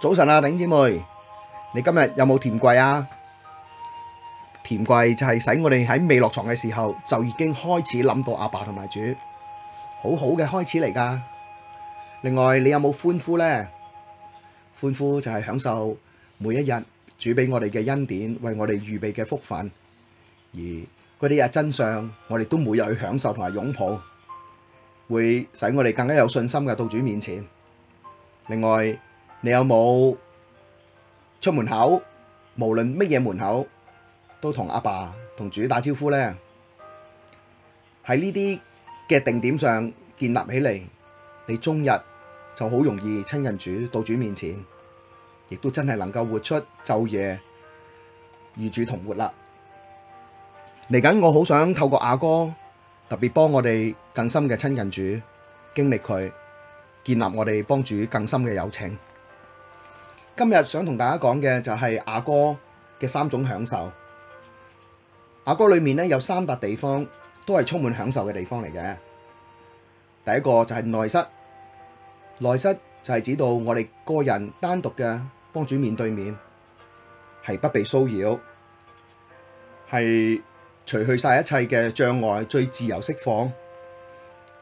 早晨啊，頂姐妹，你今日有冇甜跪啊？甜跪就係使我哋喺未落床嘅時候就已經開始諗到阿爸同埋主，好好嘅開始嚟噶。另外，你有冇歡呼呢？歡呼就係享受每一日主俾我哋嘅恩典，為我哋預備嘅福分，而嗰啲嘅真相，我哋都每日去享受同埋擁抱，會使我哋更加有信心嘅到主面前，另外。你有冇出門口，無論乜嘢門口，都同阿爸同主打招呼呢？喺呢啲嘅定點上建立起嚟，你終日就好容易親近主，到主面前，亦都真係能夠活出晝夜與主同活啦。嚟緊我好想透過雅歌，特別幫我哋更深嘅親近主，經歷佢，建立我哋幫主更深嘅友情。今日想同大家講嘅就係雅歌嘅三種享受。雅歌裏面呢，有三笪地方都係充滿享受嘅地方嚟嘅。第一個就係內室，內室就係指到我哋個人單獨嘅幫主面對面，係不被騷擾，係除去晒一切嘅障礙，最自由釋放，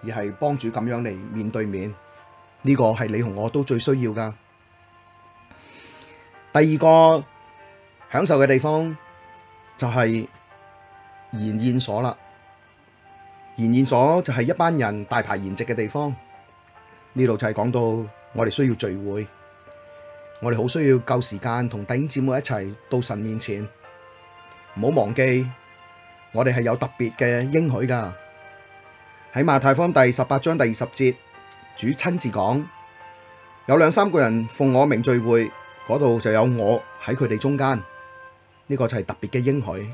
而係幫主咁樣嚟面對面。呢個係你同我都最需要噶。第二個享受嘅地方就係筵宴所啦，筵宴所就係一班人大排筵席嘅地方。呢度就係講到我哋需要聚會，我哋好需要夠時間同弟兄姊妹一齊到神面前，唔好忘記我哋係有特別嘅應許噶。喺馬太方第十八章第二十節，主親自講：有兩三個人奉我名聚會。嗰度就有我喺佢哋中間，呢個就係特別嘅應許，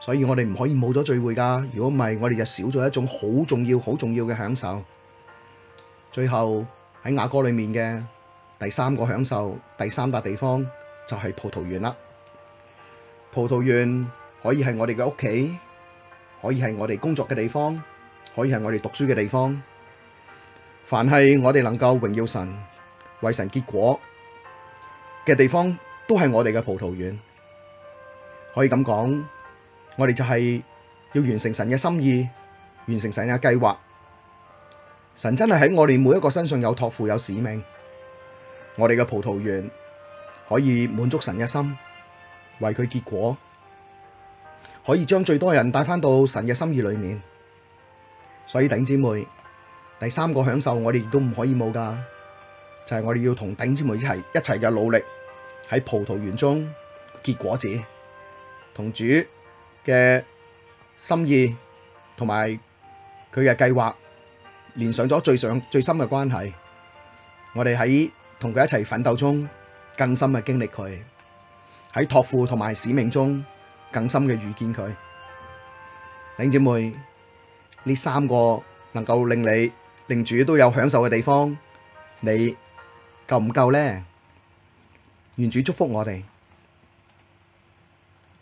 所以我哋唔可以冇咗聚會㗎。如果唔係，我哋就少咗一種好重要、好重要嘅享受。最後喺雅歌裏面嘅第三個享受，第三笪地方就係葡萄園啦。葡萄園可以係我哋嘅屋企，可以係我哋工作嘅地方，可以係我哋讀書嘅地方。凡係我哋能夠榮耀神、為神結果嘅地方都係我哋嘅葡萄園，可以咁講，我哋就係要完成神嘅心意，完成神嘅計劃。神真係喺我哋每一個身上有託付，有使命，我哋嘅葡萄園可以滿足神嘅心，為佢結果，可以將最多人帶返到神嘅心意裏面。所以弟兄姊妹，第三個享受我哋亦都唔可以冇噶。就係我哋要同頂姐妹一齊一齊嘅努力，喺葡萄園中結果子，同主嘅心意同埋佢嘅計劃連上咗最上最深嘅關係。我哋喺同佢一齊奮鬥中，更深嘅經歷佢，喺託付同埋使命中，更深嘅遇見佢。頂姐妹，呢三個能夠令你令主都有享受嘅地方，你。夠唔夠呢？願主祝福我哋。